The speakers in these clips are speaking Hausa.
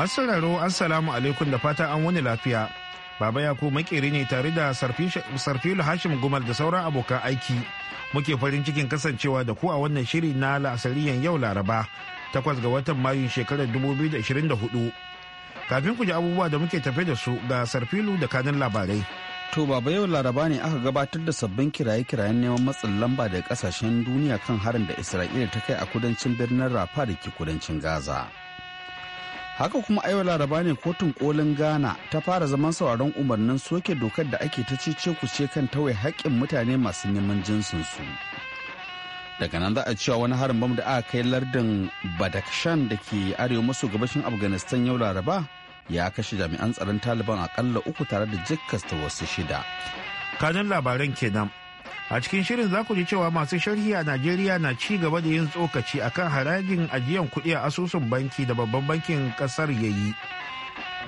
Masu sauraro Assalamu alaikum da fata an wani lafiya. Baba Yaku makeri ne tare da Sarfilu Hashim Gumal da sauran abokan aiki. Muke farin cikin kasancewa da ku a wannan shiri na la'asariyan yau Laraba, takwas ga watan Mayu shekarar 2024. Kafin ku ji abubuwa da muke tafe da su ga Sarfilu da kanin labarai. To baba yau laraba ne aka gabatar da sabbin kiraye-kirayen neman matsin lamba daga kasashen duniya kan harin da Isra'ila ta kai a kudancin birnin Rafa da ke kudancin Gaza. haka kuma aiwa laraba ne kotun kolin ghana ta fara zaman sauraron umarnin soke dokar da ake ta cece ce kan tawaye haƙƙin mutane masu neman su daga nan za a cewa wani harin bam da aka kai lardin badakshan da ke arewa maso gabashin afghanistan yau laraba ya kashe jami'an tsaron taliban akalla uku tare da jikkasta wasu shida kanin labaran kenan a cikin shirin za ku ji cewa masu sharhi a najeriya na ci gaba da yin tsokaci akan harajin ajiyan kuɗi a asusun banki da babban bankin ƙasar ya yi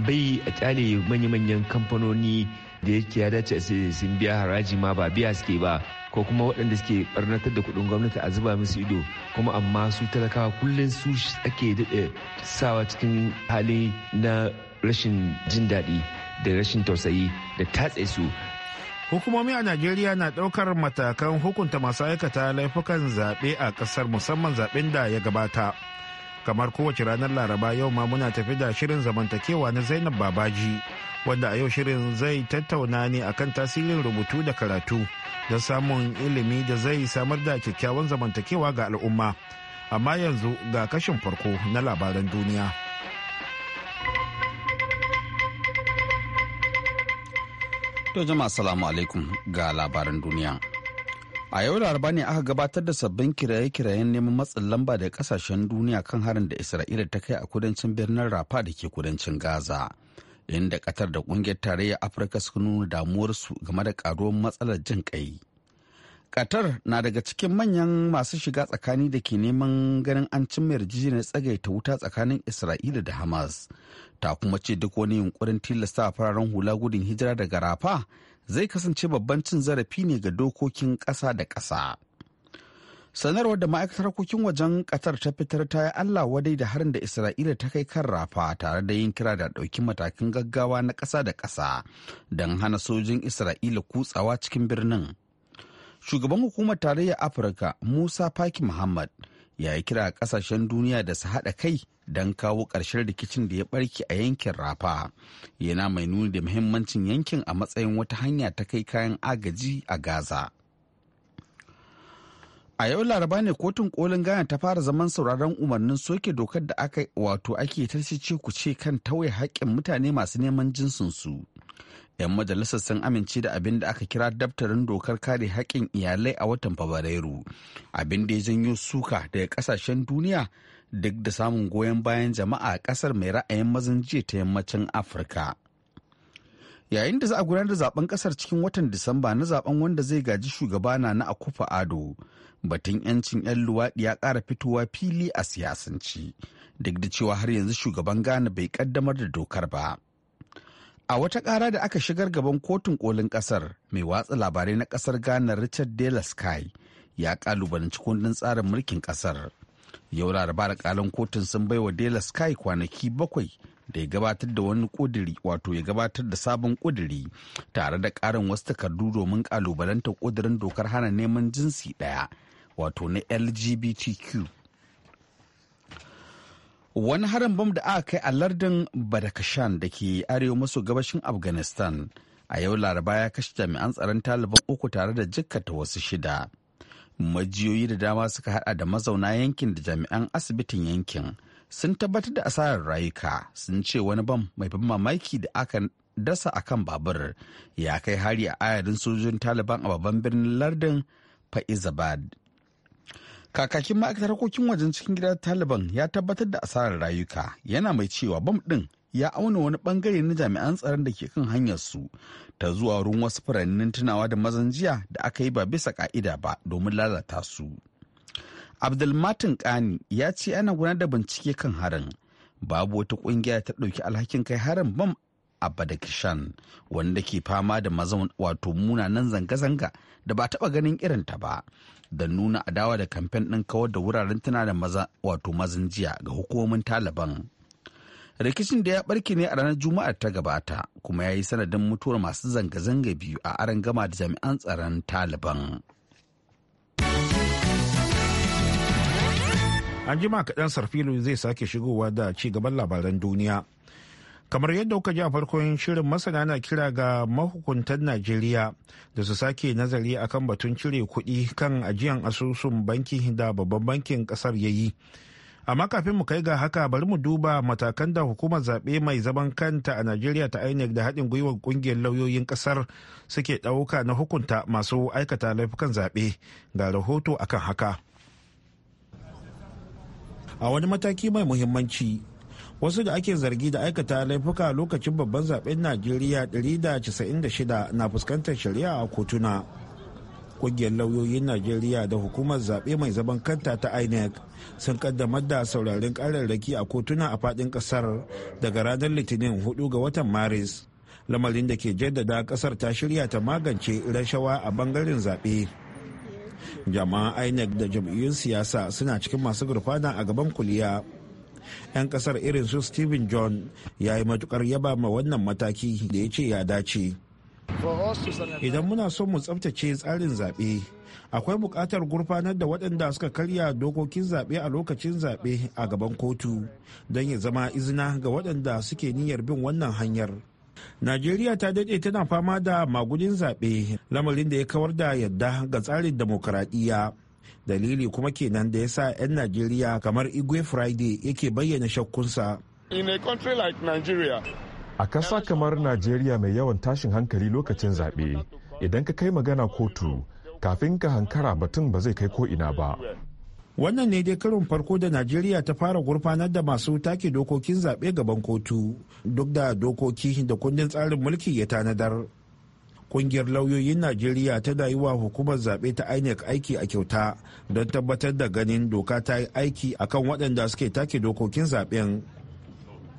bai a kyale manya-manyan kamfanoni da yake ya dace sun biya haraji ma ba biya suke ba ko kuma waɗanda suke barnatar da kuɗin gwamnati a zuba musu ido kuma amma su talakawa kullum su ake daɗe sawa cikin hali na rashin jin daɗi da rashin tausayi da tatse su hukumomi a najeriya na daukar matakan hukunta masu aikata laifukan zaɓe a ƙasar musamman zaɓen da ya gabata kamar kowace ranar laraba yau ma muna tafi da shirin zamantakewa na zainab babaji wanda a yau shirin zai tattauna ne akan tasirin rubutu da karatu da samun ilimi da zai samar da kyakkyawan zamantakewa ga al'umma amma yanzu ga kashin farko na labaran duniya. To jama'a salamu alaikum ga labaran duniya. A yau laraba ne aka gabatar da sabbin kiraye-kirayen neman matsin lamba da kasashen duniya kan harin da Isra'ila ta kai a kudancin birnin Rafa da ke kudancin Gaza. Inda Qatar da kungiyar tarayyar Afirka suka nuna damuwarsu game da karuwar matsalar jin kai. Qatar na daga cikin manyan masu shiga tsakani da ke neman ganin an cimma yarjejeniyar tsagaita wuta tsakanin Isra'ila da Hamas ta kuma ce duk wani yunkurin tilasta fararen hula gudun hijira daga rafa zai kasance babban cin zarafi ne ga dokokin ƙasa da ƙasa sanarwar da ma'aikatar harkokin wajen ƙasar ta fitar ta yi allah wadai da harin da isra'ila ta kai kan rafa tare da yin kira da ɗauki matakin gaggawa na ƙasa da ƙasa don hana sojin isra'ila kutsawa cikin birnin shugaban hukumar tarayyar afirka musa faki muhammad ya yi kira kasashen duniya da su haɗa kai don kawo ƙarshen rikicin da ya ɓarke a yankin rafa yana mai nuni da muhimmancin yankin a matsayin wata hanya ta kai kayan agaji a gaza a yau laraba ne kotun kolin ghana ta fara zaman sauraron umarnin soke dokar da aka wato ake ce ku ce kan tauye haƙƙin mutane masu neman jinsinsu 'yan majalisar sun amince da abin da aka kira daftarin dokar kare haƙƙin iyalai a watan fabrairu abin da ya janyo suka daga ƙasashen duniya duk da samun goyon bayan jama'a a ƙasar mai ra'ayin mazan jiya ta yammacin afirka yayin da za a gudanar da zaben ƙasar cikin watan disamba na zaben wanda zai gaji shugaba na na akufa ado batun 'yancin 'yan luwaɗi ya ƙara fitowa fili a siyasanci duk da cewa har yanzu shugaban ghana bai kaddamar da dokar ba. A wata ƙara da aka shigar gaban kotun kolin ƙasar, mai watsa labarai na ƙasar Ghana Richard De La Sky ya ƙalubalanci kundin tsarin mulkin ƙasar. Yau laraba da ƙalin kotun sun baiwa De La Sky kwanaki bakwai da ya gabatar da wani ƙudiri wato ya gabatar da sabon ƙudiri tare da ƙarin wasu takardu domin ƙalubalantar ƙudirin dokar hana neman jinsi ɗaya wato na LGBTQ. wani harin bam da aka kai a lardin badakashan da ke arewa maso gabashin afghanistan a yau laraba ya kashe jami'an tsaron taliban uku tare da jikkata wasu shida majiyoyi da dama suka hada da mazauna yankin da jami'an asibitin yankin sun tabbatar da asarar rayuka sun ce wani bam mai ban mamaki da aka dasa akan babur ya kai hari a ayarin sojojin taliban a babban birnin lardin faizabad kakakin ma'aikatar harkokin wajen cikin gida taliban ya tabbatar da asarar rayuka yana mai cewa bam ɗin ya auna wani bangare na jami'an tsaron da ke kan hanyarsu ta zuwa wurin wasu furannin tunawa da mazan jiya da aka yi ba bisa ka'ida ba domin lalata su abdulmatin kani ya ce ana gudanar da bincike kan harin babu wata kungiya ta ɗauki alhakin kai harin bam a badakishan wanda ke fama da mazan wato munanan zanga-zanga da ba taɓa ganin irinta ba da nuna adawa da kamfen ɗin kawar da wuraren tana da maza wato mazan jiya ga hukumomin taliban rikicin da ya barke ne a ranar juma'ar ta gabata kuma ya yi sanadin mutuwar masu zanga-zanga biyu a aron gama da jami'an tsaron taliban an jima kaɗan sarfilu zai sake shigowa da ci gaban labaran duniya kamar yadda kuka ji a farkon shirin masana na kira ga mahukuntan najeriya da su sake nazari akan batun cire kuɗi kan ajiyan asusun banki da babban bankin ƙasar ya yi amma kafin mu kai ga haka bari mu duba matakan da hukumar zaɓe mai zaman kanta a najeriya ta inec da haɗin gwiwar ƙungiyar lauyoyin ƙasar suke ɗauka na hukunta masu aikata laifukan zaɓe ga rahoto akan haka a wani mataki mai muhimmanci wasu da ake zargi da aikata laifuka lokacin babban zaben najeriya 196 na fuskantar shari'a a kotuna kungiyar lauyoyin najeriya da hukumar zaɓe mai zaman kanta ta inec sun kaddamar da saurarin ƙararraki a kotuna a faɗin ƙasar daga ranar litinin 4 ga watan maris lamarin da ke jaddada ƙasar ta shirya ta magance rashawa a bangaren zaɓe jama'a inec da jam'iyyun siyasa suna cikin masu gurfana a gaban kuliya 'yan kasar irin su steven john ya yi matukar yaba ma wannan mataki da ya ce ya dace idan muna son mu tsabtace tsarin zaɓe akwai buƙatar gurfanar da waɗanda suka karya dokokin zaɓe a lokacin zaɓe a gaban kotu don ya zama izina ga waɗanda suke niyyar bin wannan hanyar Najeriya ta daɗe tana fama da magudin zaɓe lamarin da ya kawar da yadda ga tsarin demokuraɗiyya. dalili kuma kenan da ya sa 'yan najeriya kamar igwe friday yake bayyana shakkunsa a country like nigeria a kasa kamar najeriya mai yawan tashin hankali lokacin zaɓe idan ka kai magana kotu kafin ka hankara batun ba zai kai ko ina ba wannan ne dai karin farko da najeriya ta fara gurfanar da masu take dokokin zaɓe gaban kotu duk da dokoki da kundin tsarin mulki ya tanadar kungiyar lauyoyin najeriya ta da yi wa hukumar zaɓe ta inec aiki a kyauta don tabbatar da ganin doka ta yi aiki akan waɗanda suke take dokokin zaɓen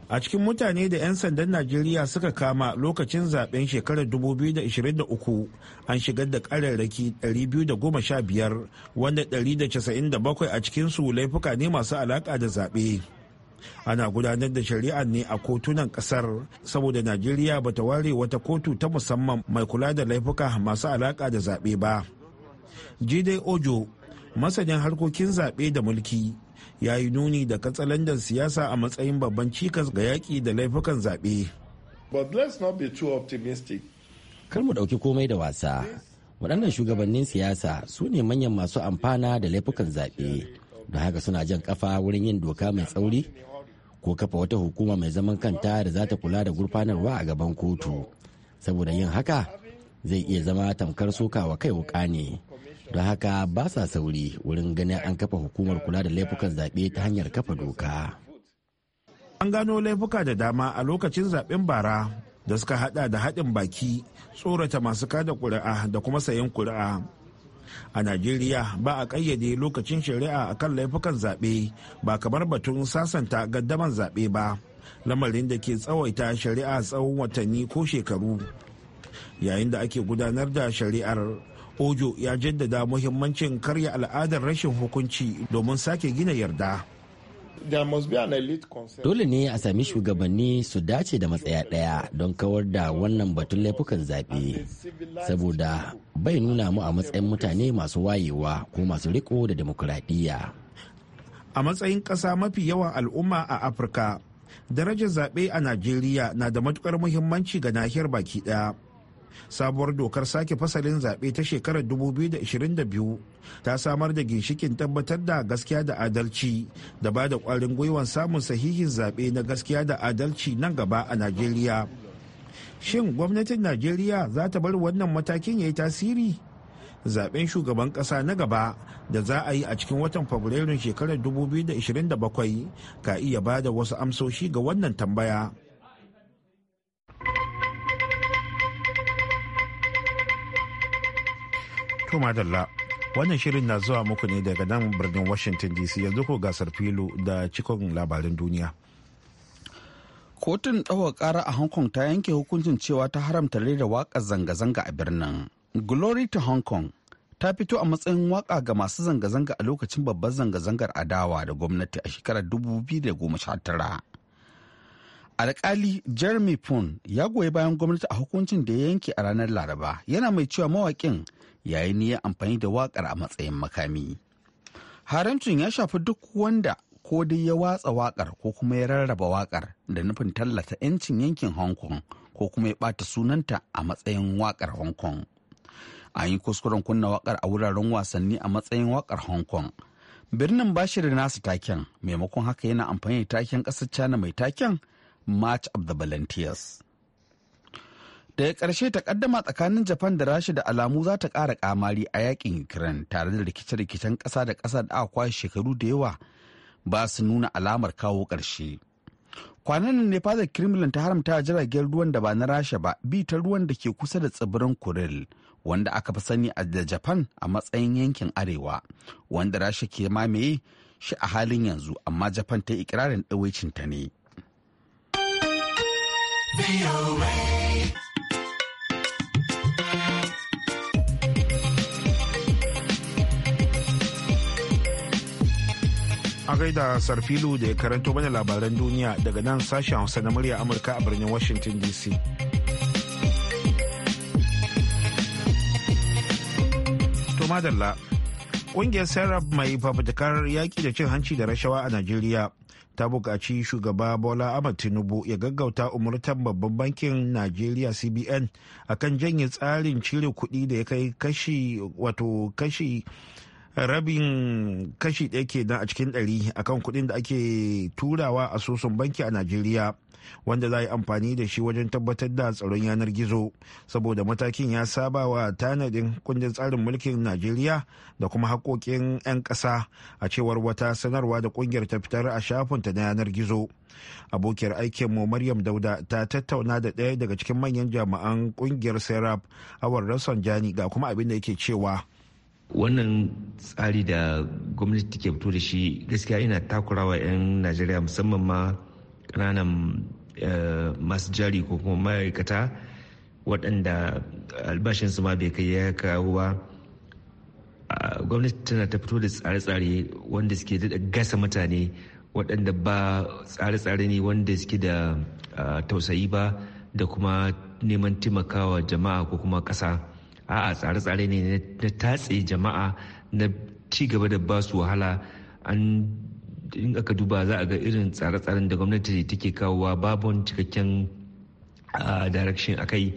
a cikin mutane da 'yan sandan najeriya suka kama lokacin zaben shekarar 2023 an shigar da kararraki 215 wanda 197 a cikinsu laifuka ne masu alaƙa da zaɓe ana gudanar da shari'a ne a kotunan kasar saboda najeriya ba ta ware wata kotu ta musamman mai kula da laifuka masu alaka da zaɓe ba jide ojo masanin harkokin zaɓe da mulki ya yi nuni da katsalandan siyasa a matsayin babban cikas ga yaƙi da laifukan zaɓe. Kar mu ɗauki komai da wasa. Waɗannan shugabannin siyasa su ne manyan masu amfana da laifukan zaɓe. don haka suna jan kafa wurin yin doka mai tsauri ko kafa wata hukuma mai zaman kanta da za ta kula da gurfanarwa a gaban kotu saboda yin haka zai iya zama tamkar soka wa kai wuka ne don haka ba sa sauri wurin ganin an kafa hukumar kula da laifukan zaɓe ta hanyar kafa doka an gano laifuka da dama a lokacin zaɓen bara da suka hada da haɗin baki tsorata masu kada ƙuri'a da kuma sayan ƙuri'a a najeriya ba a ƙayyade lokacin shari'a a kan laifukan zaɓe ba kamar batun sasanta gaddaman zaɓe ba lamarin da ke tsawaita shari'a tsawon watanni ko shekaru yayin da ake gudanar da shari'ar ojo ya jaddada muhimmancin karya al'adar rashin hukunci domin sake gina yarda Dole ne a sami shugabanni su dace da matsaya ɗaya don kawar da wannan batun laifukan zaɓe, saboda bai nuna mu a matsayin mutane masu wayewa ko masu riko da demokuraɗiyya. A matsayin ƙasa mafi yawan al'umma a Afirka, darajar zaɓe a Najeriya na da matukar muhimmanci ga nahiyar baki ɗaya. sabuwar dokar sake fasalin zaɓe ta shekarar 2022 ta samar da ginshikin tabbatar da gaskiya da adalci da ba da ƙwarin gwiwan samun sahihin zaɓe na gaskiya da adalci nan gaba a najeriya shin gwamnatin najeriya za ta bar wannan matakin ya yi tasiri zaɓen shugaban ƙasa na gaba da za a yi a cikin watan fabrairun shekarar 2027 ka iya ba da wasu amsoshi ga wannan tambaya kuma madalla, wannan shirin na zuwa muku ne daga nan birnin Washington DC yanzu ko gasar filo da cikon labarin duniya. Kotun ɗaukar ƙara a Hong Kong ta yanke hukuncin cewa ta haramta rera waƙar zanga-zanga a birnin. Glory to Hong Kong ta fito a matsayin waƙa ga masu zanga-zanga a lokacin babbar zanga-zangar adawa da gwamnati a shekarar 2019. alkali jeremy poon ya goyi bayan gwamnati a hukuncin da ya yanke a ranar laraba yana mai cewa mawakin yayin ya amfani da wakar a matsayin makami haramcin ya shafi duk wanda ko dai ya watsa wakar ko kuma ya rarraba wakar da nufin tallata 'yancin yankin hong kong ko kuma ya bata sunanta a matsayin wakar hong kong a yi kuskuren kunna wakar a wuraren wasanni a matsayin wakar hong kong birnin bashi da nasu taken maimakon haka yana amfani da taken ƙasar china mai taken march of the volunteers daga ƙarshe takaddama tsakanin japan da rasha da alamu za ta ƙara kamari a yakin ukraine tare da rikice-rikicen ƙasa da ƙasa da aka kwashe shekaru da yawa ba su nuna alamar kawo ƙarshe kwanan ne fadar kremlin ta haramta jiragen ruwan da ba na rasha ba bi ta ruwan da ke kusa da tsibirin kuril wanda aka fi sani a da japan a matsayin yankin arewa wanda rasha ke mamaye shi a halin yanzu amma japan ta ikirarin ɗawaicinta ne. a gaida sarfilu da ya karanto mana labaran duniya daga nan sashen hausa na murya amurka a birnin washington dc to madalla kungiyar sarraf mai fafutukar yaƙi da cin hanci da rashawa a najeriya ta buƙaci shugaba bola ahmad tinubu ya gaggauta umurtar babban bankin najeriya cbn akan janye tsarin cire kuɗi da ya kai kashi wato kashi rabin kashi ɗaya kenan a cikin ɗari akan kuɗin da ake turawa a sosun banki a najeriya wanda za a yi amfani da shi wajen tabbatar da tsaron yanar gizo saboda matakin ya saba wa tanadin kundin tsarin mulkin najeriya da kuma haƙoƙin 'yan ƙasa a cewar wata sanarwa da ƙungiyar ta fitar a shafin ta na yanar gizo abokiyar aikin mu maryam dauda ta tattauna da ɗaya daga cikin manyan jami'an ƙungiyar serap awar rasan jani ga kuma abin da yake cewa wannan tsari da gwamnati take fito da shi gaskiya ina takurawa 'yan najeriya musamman ma kananan eh, masu jari ko kuma ma'aikata waɗanda albashinsu ma bai kai ya kawo ba gwamnati tana ta fito da tsare-tsare wanda suke daɗa gasa mutane waɗanda ba tsare-tsare ne wanda suke da eh, tausayi ba da kuma neman taimakawa jama'a ko kuma ƙasa. a'a tsare-tsare ne na tatse jama'a na ci gaba da ba su wahala an in aka duba za a ga irin tsare-tsaren da gwamnati take kawowa babu cikakken direction a kai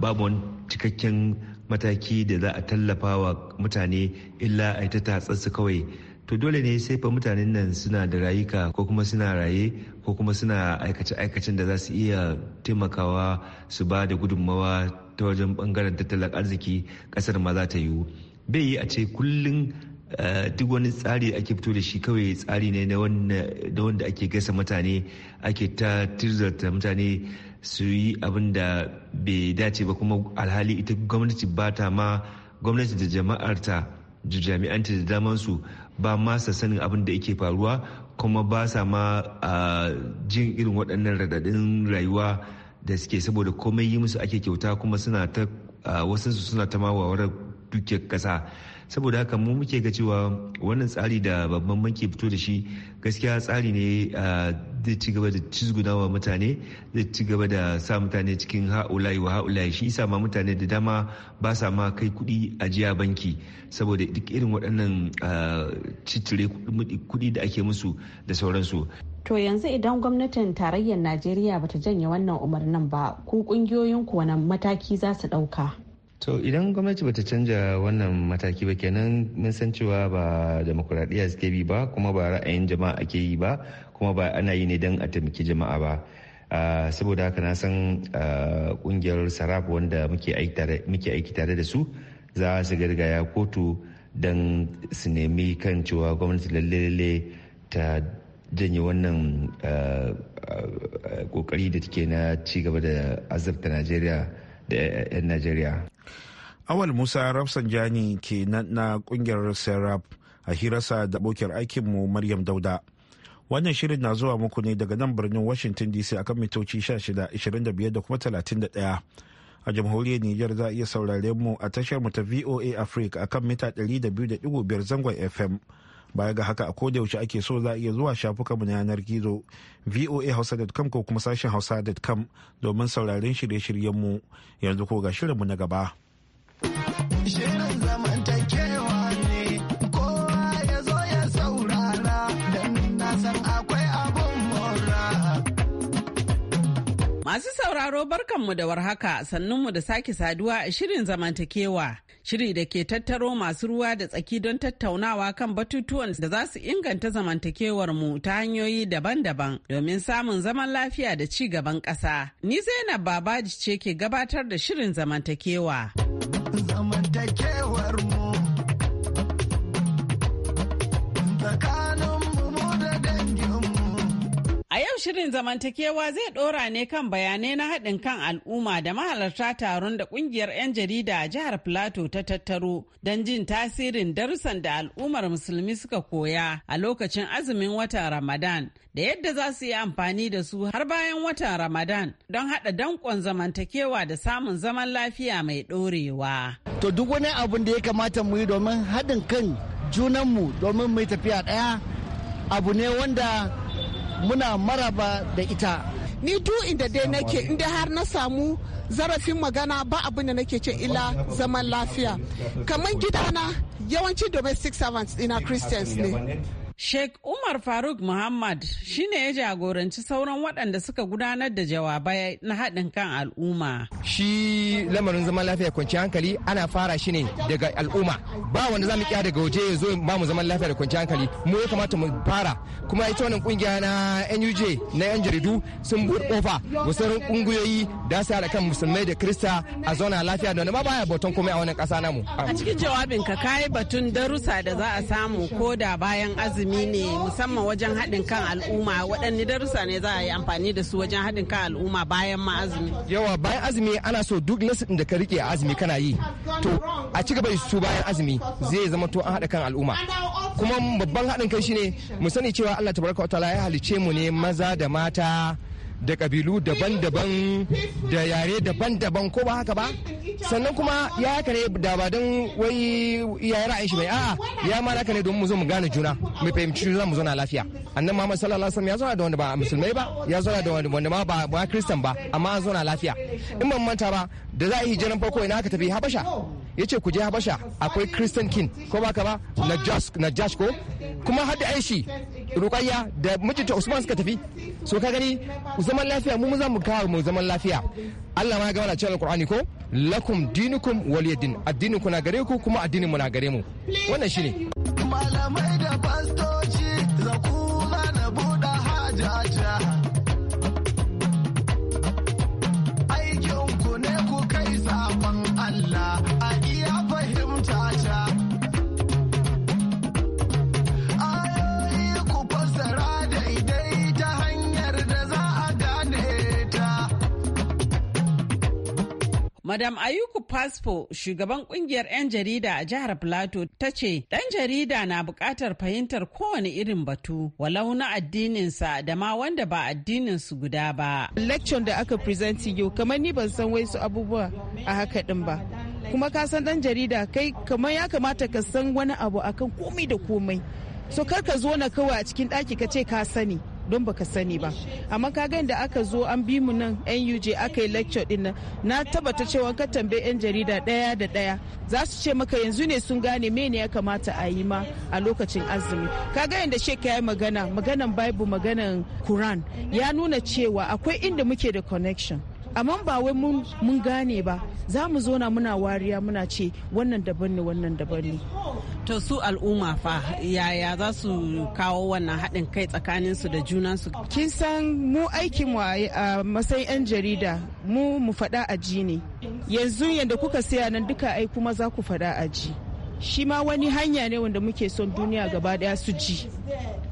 babu cikakken mataki da za a tallafa wa mutane illa a ta tatsarsu kawai to dole ne sai fa mutanen nan suna da rayuka ko kuma suna raye ko kuma suna aikace aikacen da za su iya taimakawa su ba da gudunmawa ta wajen bangaren tattalin arziki kasar ma za ta yiwu bai yi a ce kullum eh, duk wani tsari ake fito da shi kawai tsari ne na wanda ake gasa mutane ake ta tirzarta mutane su yi abin da bai dace ba kuma alhali ita gwamnati ba ta ma gwamnati da jama'arta da jami'anta da damansu ba ma sa sanin abin da yake faruwa kuma ba sa ma jin irin waɗannan radadin rayuwa da suke saboda komai yi musu ake kyauta kuma suna ta su suna ta mawawar duke ƙasa saboda haka mu muke ga cewa wannan tsari da babban banki fito da shi gaskiya tsari ne zai ci gaba da cizgunawa mutane zai ci gaba da sa mutane cikin ha'ulayi wa ha'ulayi shi isa ma mutane da dama ba sa ma kai kuɗi ajiya banki saboda duk irin waɗannan cicire kuɗi da ake musu da sauransu to yanzu idan gwamnatin tarayyar najeriya bata janye wannan umarnin ba ko kungiyoyin ku wani mataki za su ɗauka to idan gwamnati bata canja wannan mataki ba kenan mun san cewa ba demokuraɗiyya suke bi ba kuma ba ra'ayin jama'a ake yi ba kuma ba ana yi ne don a taimaki jama'a ba ah, saboda haka na san kungiyar ah, sarraf wanda muke aiki tare da su za su gargaya kotu don su nemi kan cewa gwamnati lalle ta janye wannan kokari ah, da take na cigaba da azabta najeriya da 'yan najeriya awal musa rafsan jani ke na kungiyar sarraf a hirarsa da bokiyar aikinmu maryam dauda Wannan shirin na zuwa muku ne daga nan birnin Washington DC akan mitoci 16, da kuma 31. a jamhuriyar Nijar za a iya saurare mu a tashar mu ta VOA Africa a kan mita 200.5 zangon FM. Baya ga haka a yaushe ake so za a iya zuwa shafukanmu na yanar gizo voahausa.com ko kuma sashen hausa.com domin sauraren shirye-shiryenmu yanzu ko ga shirinmu na gaba. Masu sauraro barkanmu da warhaka sannunmu da sake saduwa a shirin zamantakewa. Shiri da ke tattaro masu ruwa da tsaki don tattaunawa kan batutuwan da za su inganta zamantakewar mu ta hanyoyi daban-daban domin samun zaman lafiya da ci gaban ƙasa. Ni Zainab Babaji ce ke gabatar da shirin zamantakewa. shirin zamantakewa zai ɗora ne kan bayanai na haɗin kan al'umma da mahalarta taron da ƙungiyar 'yan jarida a jihar Plateau ta tattaro don jin tasirin darussan da al'ummar musulmi suka koya a lokacin azumin watan Ramadan da yadda za su yi amfani da su har bayan watan Ramadan don haɗa danƙon zamantakewa da samun zaman lafiya mai ɗorewa. To duk wani abin da ya kamata mu yi domin haɗin kan junanmu domin mu tafiya ɗaya abu ne wanda muna maraba da ita ni duk inda dai nake inda har na samu zarafin magana ba abin da nake ce ila zaman lafiya kamar gidana yawanci domestic servants ina christians ne Sheikh Umar Faruk Muhammad shine ya jagoranci sauran waɗanda suka gudanar da jawabai na haɗin kan al'umma. Shi lamarin zaman lafiya kwanciyar hankali ana fara shi ne daga al'umma. Ba wanda za mu kiya daga waje ya zo ba mu zaman lafiya da kwanciyar hankali. Mu ya kamata mu fara. Kuma ita wannan kungiya na NUJ na 'yan jaridu sun buɗe kofa wa sauran kungiyoyi da su haɗa kan musulmai da Kirista a zauna lafiya da wani ma baya bautan komai a wannan ƙasa namu. A cikin jawabinka ka yi batun darussa da za a samu ko da bayan azumi ilimi ne musamman wajen haɗin kan al'umma waɗanne darussa ne za a yi amfani da su wajen haɗin kan al'umma bayan ma azumi yawa bayan azumi ana so duk lesson da ka rike a azumi kana yi to a ci gaba su bayan azumi zai zama to an haɗa kan al'umma kuma babban haɗin kai shine mu sani cewa Allah tabaraka wa ta'ala ya halice mu ne maza da mata da kabilu daban-daban da yare daban-daban ko ba haka ba sannan kuma ya haka ne da ba don wai ya ra'ayin shi bai a'a ya ma haka ne don mu zo mu gane juna mu fahimci juna mu zauna lafiya annan Muhammad sallallahu alaihi ya zauna da wanda ba musulmai ba ya zauna da wanda ma ba ba kristan ba amma an zauna lafiya in ban manta ba da za a yi hijiran farko ina aka tafi Habasha yace ku je Habasha akwai kristan king ko ba ka ba na josh ko kuma hadda aishi rukayya da mijinta usman suka tafi so ka gani zaman lafiya mu za mu kawo mu zaman lafiya allah ma ga mana cewa alkur'ani ko lakum dinukum waliyadin addinin ku na gare ku kuma addinin mu na gare mu wannan shine malamai da pastor Madam Ayuku Paspo, shugaban kungiyar 'yan jarida a jihar Plateau, ta ce ɗan jarida na buƙatar fahimtar kowane irin batu, walau na addininsa da ma wanda ba addininsu guda ba. Lecture da aka present yau, kamar ni ban san wai su abubuwa a haka ɗin ba. Kuma ka san ɗan jarida kai kamar ya kamata ka san wani abu akan komai da komai. So kar ka zo na kawai a cikin ɗaki ka ce ka sani. don baka sani ba amma ka ga da aka zo an bi mu nan nuj aka yi lecture din nan na tabbata cewa ka tambayi yan jarida daya da daya za su ce maka yanzu ne sun gane me ne ya kamata a yi ma a lokacin azumi ka ga yadda shek ya yi magana maganan bible maganan quran ya nuna cewa akwai inda muke da connection amma ba wai mun gane ba za mu zo muna wariya muna ce wannan daban ne wannan daban ne to su al'umma fa yaya za su kawo wannan haɗin kai tsakanin su da junan su kin san mu aikin wa a matsayin 'yan jarida mu mu faɗa aji ne yanzu yadda kuka saya nan duka ai kuma za ku faɗa aji shi ma wani hanya ne wanda muke son duniya gaba daya su ji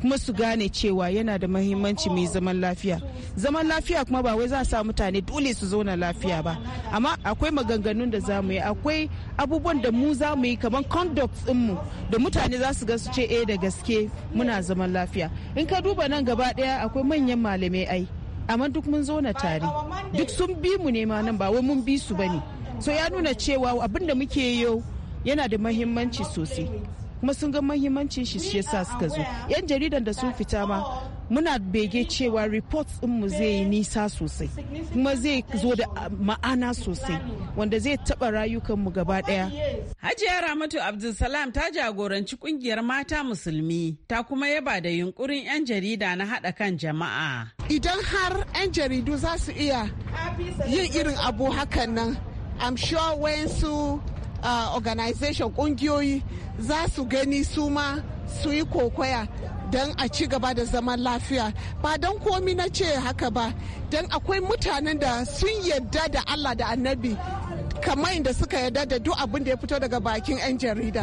kuma su gane cewa yana da mahimmanci mai zaman lafiya zaman lafiya kuma ba wai za a sa mutane dole su zauna lafiya ba amma akwai maganganun da za mu yi akwai abubuwan da mu za mu yi kamar conduct mu da mutane za su ga su ce eh da gaske muna zaman lafiya in ka duba nan gaba daya akwai manyan malamai ai amma duk mun zauna tare duk sun bi mu ne ma nan ba wai mun bi su bane so ya nuna cewa abin da muke yau yana da mahimmanci sosai kuma sun ga mahimmancin shi shi yasa suka zo yan jaridan da sun fita ma muna bege cewa reports mu zai yi nisa sosai kuma zai zo da ah, ma'ana sosai wanda zai taɓa rayukanmu gaba ɗaya. Hajiya Ramatu Abdulsalam ta jagoranci kungiyar mata musulmi ta kuma yaba da yunkurin 'yan jarida na haɗa kan jama'a. Idan har 'yan jaridu za su iya yin irin abu hakan nan, I'm sure wayansu organization kungiyoyi za su gani su ma su yi kokoya don a ci gaba da zaman lafiya ba don komi na ce haka ba don akwai mutanen da sun yadda da allah da annabi kamar da suka yarda da duk abin da ya fito daga bakin 'yan jarida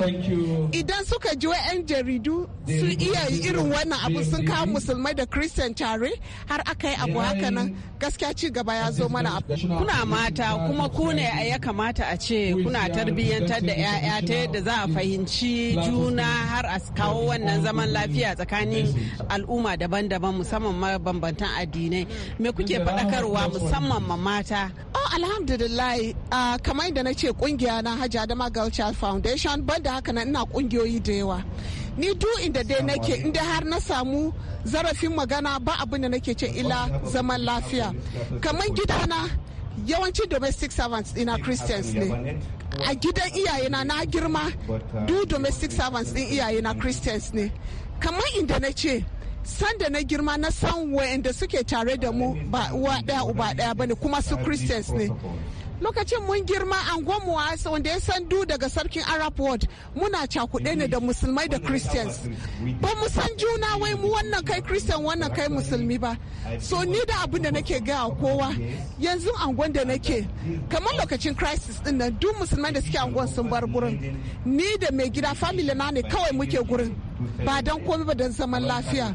idan suka ji wa 'yan jaridu su iya irin wannan abu sun kawo musulmai da christian tare har aka yi abu haka nan gaskiya ci gaba ya zo mana abu. kuna mata kuma ku ne ya kamata a ce kuna tarbiyyantar da 'ya'ya ta yadda za a fahimci juna har a kawo wannan zaman lafiya tsakanin al'umma daban-daban musamman mabambantan addinai me kuke faɗakarwa musamman ma mata oh alhamdulillah uh, kamar da na ce kungiya na hajji adama girl child foundation banda haka na ina kungiyoyi da yawa ni du inda dai nake inda har na samu zarafin magana ba abin da nake ce ila zaman lafiya kamar gidana yawanci domestic servants ina christians ne a gidan iyayena na girma du domestic servants din iyayena christians ne kamar inda na ce sanda na girma na san wa'anda suke tare da mu ba uwa daya uba daya bane kuma su christians ne lokacin mun girma angonmu wanda ya sandu daga sarkin arab world muna cakuɗe ne da musulmai da christians ba mu san juna wai mu wannan kai christian wannan kai musulmi ba so ni da abin da nake gaya kowa yanzu angon da nake kamar lokacin crisis din nan duk musulmai da suke angon sun bar gurin ni da mai gida family na ne kawai muke gurin ba don komai ba don zaman lafiya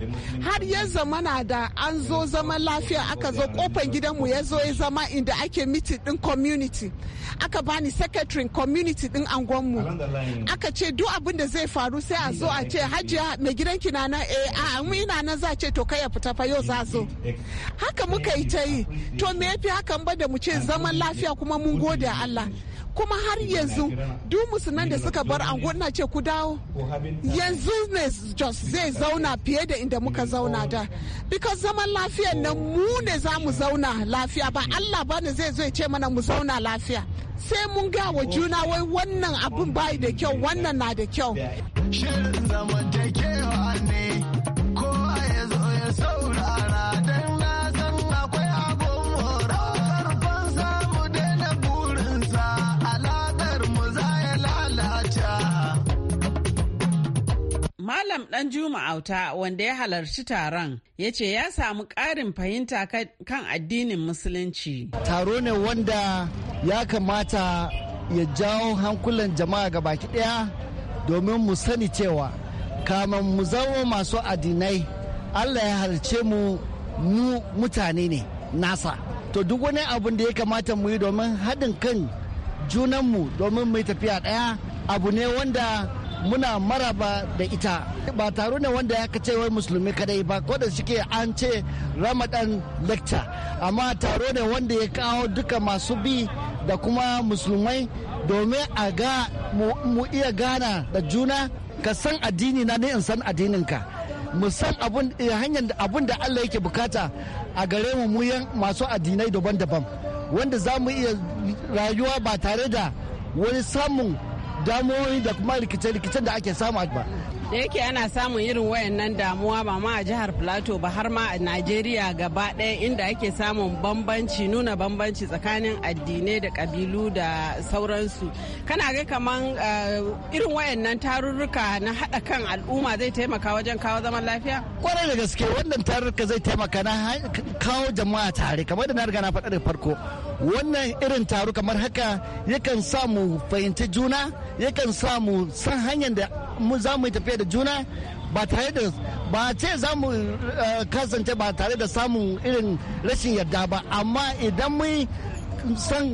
har ya zamana da an zo zaman lafiya aka zo kofan gidanmu ya zo ya zama inda ake miti din community aka bani secretary community din angonmu aka ce duk abin da zai faru sai a zo a ce hajiya mai gidanki na nan eh a mu ina nan za ce to kai ya fita fa yau za zo haka muka yi ta yi to me yafi hakan ba da mu ce zaman lafiya kuma mun gode Allah kuma har yanzu duk musulman da suka bar anguwar na ce ku dawo yanzu ne jos zai zauna fiye da inda muka zauna da because zaman lafiya nan mu ne za mu zauna lafiya ba allah ba ne zai zo ce mana mu zauna lafiya sai mun ga wa juna wai wannan abin bai da kyau wannan na da kyau Malam ɗan juma'auta wanda ya halarci taron ya ce ya samu ƙarin fahimta kan addinin Musulunci. Taro ne wanda ya kamata ya jawo hankulan jama'a ga baki ɗaya domin mu sani cewa kaman mu zama masu addinai Allah ya halarce mu mu mutane ne nasa. To duk wani abin da ya kamata mu yi domin haɗin kan junanmu domin mu yi tafiya ɗaya abu ne wanda muna maraba da ita ba taro ne wanda ya kace wai musulmi kadai ba ko da suke an ce ramadan lecture amma taro ne wanda ya kawo duka masu bi da kuma musulmai domin a ga mu iya gana da juna ka san addini na ne san addininka mu san eh, hanyar abun da Allah yake bukata a gare mu muyan masu addinai daban-daban wanda za mu iya rayuwa ba tare da wani samun damuwoyi da kuma rikice-rikicen da ake samu ba. da yake ana samun irin wayannan damuwa ba ma a jihar plateau ba har ma a najeriya gaba ɗaya inda ake samun bambanci nuna bambanci tsakanin addinai da kabilu da sauransu kana ga kaman eh, irin wayannan tarurruka na haɗa kan al'umma zai taimaka wajen kawo zaman lafiya kwarai da gaske wannan tarurruka zai taimaka na kawo jama'a tare kamar da na riga na faɗa da farko wannan irin taro kamar haka yakan sa mu fahimci juna yakan sa mu san hanyar da mu za mu tafiya da juna ba tare da ba ce za mu eh, kasance ba tare da samun irin rashin yarda ba amma idan mu san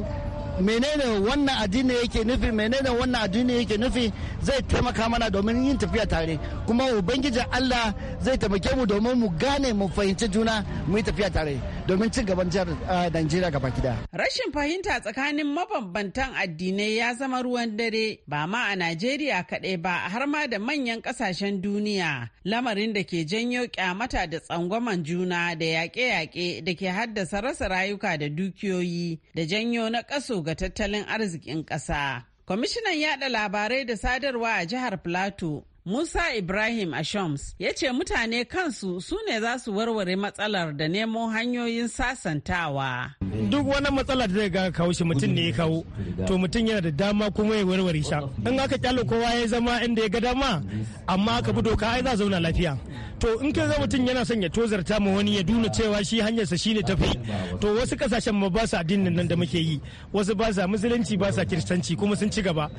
menene wannan addini yake nufi menene wannan addini yake nufi zai taimaka mana domin yin tafiya tare kuma ubangijin allah zai taimake mu domin mu gane mu fahimci juna mu yi tafiya tare domin ci gaban jihar eh, Najeriya gaba gida. Rashin fahimta tsakanin mabambantan addinai ya zama ruwan dare ba ma a Najeriya kaɗai ba har ma da manyan ƙasashen duniya lamarin da ke janyo ƙyamata da tsangwaman juna da yaƙe-yaƙe da ke haddasa rasa rayuka da dukiyoyi da janyo na ƙaso ga tattalin arzikin ƙasa. Kwamishinan yaɗa labarai da sadarwa a jihar Plateau Musa Ibrahim a shams ya ce mutane kansu su ne za su warware matsalar da nemo hanyoyin sasantawa. Duk wani matsala da zai ga kawo shi mutum ne ya kawo, to mutum yana da dama kuma ya warware sha. In aka kyalo kowa ya zama inda ya ga dama, amma aka bi doka ai za zauna lafiya. to in ka za mutum yana son ya tozarta mu wani ya duna cewa shi hanyarsa shine tafi to wasu kasashen ma ba sa addinin nan da muke yi wasu ba sa musulunci ba sa kiristanci kuma sun ci gaba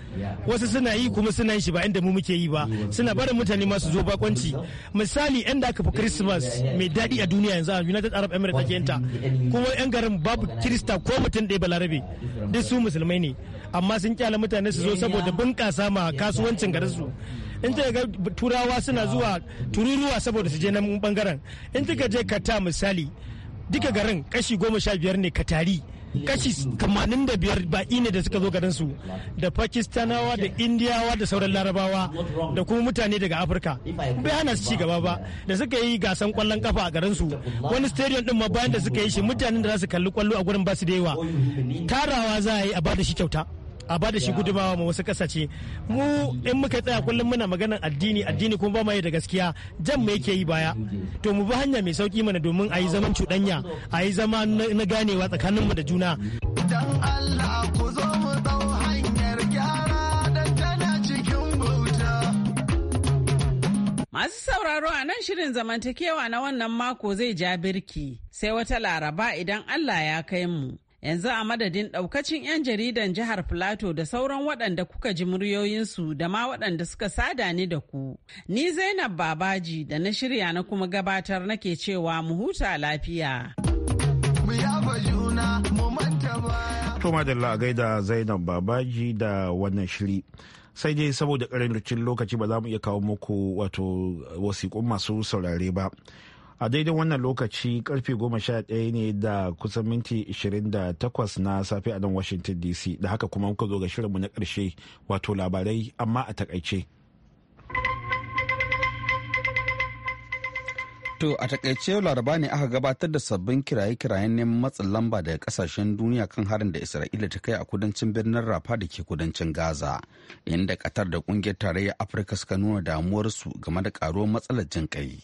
wasu suna yi kuma suna yin shi ba inda mu muke yi ba suna barin mutane ma su zo bakwanci misali yan da aka fi christmas mai daɗi a duniya yanzu a united arab emirates ake yanta kuma yan garin babu kirista ko mutum ɗaya balarabe duk su musulmai ne amma sun kyala mutane su zo saboda bunƙasa ma kasuwancin garinsu in ta ga turawa suna zuwa tururuwa saboda su je nan bangaren in ta je kata misali duka garin kashi goma sha biyar ne katari kashi kamanin da biyar ba ne da suka zo garin su da pakistanawa da indiyawa da sauran larabawa da kuma mutane daga afirka bai hana su gaba ba da suka yi gasan kwallon kafa a garin su wani stadium din ma bayan da suka yi shi mutanen da za su kalli kwallo a gurin ba su da yawa tarawa za a yi a bada shi kyauta a ba da shi gudumawa ma wasu kasashe mu in muka tsaya kullum muna maganar addini addini kuma ba mu yi da gaskiya jan mu yake yi baya to mu bi hanya mai sauki mana domin a yi zaman cuɗanya a yi zama na ganewa tsakanin mu da juna. Idan Allah hanyar gyara cikin bauta. Masu sauraro a nan shirin zamantakewa na wannan mako zai ja birki sai wata laraba idan Allah ya kai mu. Yanzu a madadin daukacin 'yan jaridan jihar Filato da sauran waɗanda kuka ji muryoyinsu da ma waɗanda suka sada ni da ku. Ni Zainab Babaji da na shirya na kuma gabatar nake cewa mu huta lafiya. To madalla a gaida Zainab Babaji da wannan shiri. sai dai saboda karancin lokaci ba za mu iya kawo muku wato wasiƙun masu saurare ba a daidai wannan lokaci karfe 11 ne da kusan minti 28 na safe a nan washington dc da haka kuma muka zo ga shirinmu na karshe wato labarai amma a takaice To a takaice laraba ne aka gabatar da sabbin kiraye-kirayen neman matsin lamba daga kasashen duniya kan harin da Isra'ila ta kai a kudancin birnin Rafa da ke kudancin Gaza, inda Qatar da kungiyar tarayyar Afirka suka nuna damuwarsu game da karuwar matsalar jin kai.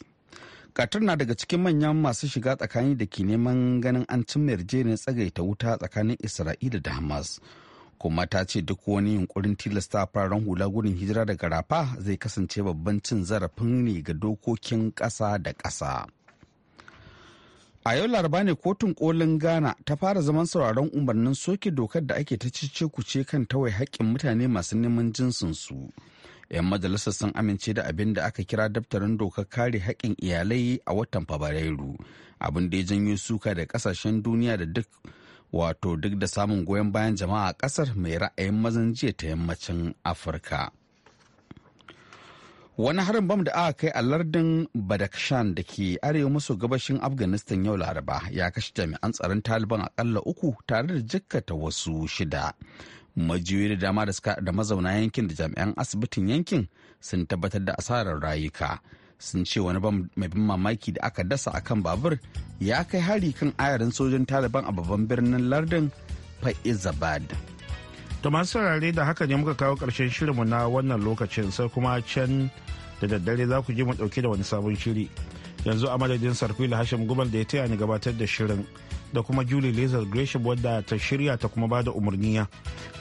Katar na daga cikin manyan masu shiga tsakanin da ke neman ganin an cimma yarjejeniyar ta wuta tsakanin Isra'ila da Hamas. Kuma ta ce duk wani yunkurin tilasta fararen hula gudun hijira daga Rafa zai kasance babban cin zarafin ne ga dokokin ƙasa da ƙasa. A yau laraba ne kotun kolin Ghana ta fara zaman sauraron umarnin soke dokar da ake ta cece kuce kan tawai haƙƙin mutane masu neman jinsinsu. su. 'yan majalisar sun amince da abin da aka kira daftarin dokar kare haƙƙin iyalai a watan fabrairu abin da ya janyo suka da ƙasashen duniya da duk wato duk da samun goyon bayan jama'a a ƙasar mai ra'ayin mazan jiya ta yammacin afirka wani harin bam da aka kai a lardin badakshan da ke arewa maso gabashin afghanistan yau laraba ya kashe jami'an tsaron taliban akalla uku tare da jikkata wasu shida majiyoyi da dama da da mazauna yankin da jami'an asibitin yankin sun tabbatar da asarar rayuka sun ce wani mai bin mamaki da aka dasa akan babur ya kai hari kan ayarin sojin taliban a babban birnin lardin faizabad to masu saurare da haka ne muka kawo karshen shirinmu na wannan lokacin sai kuma can da daddare za ku je mu dauke da wani sabon shiri yanzu a madadin la hashim gumal da ya taya ni gabatar da shirin da kuma Julie Lazar Gresham wadda ta shirya ta kuma bada umarniya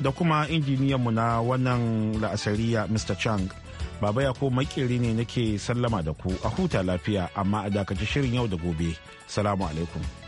da kuma injiniyanmu na wannan la'asariya Mr. Chang. Baba ya ko makeri ne nake sallama da ku a huta lafiya amma a dakaci shirin yau da gobe. Salamu alaikum.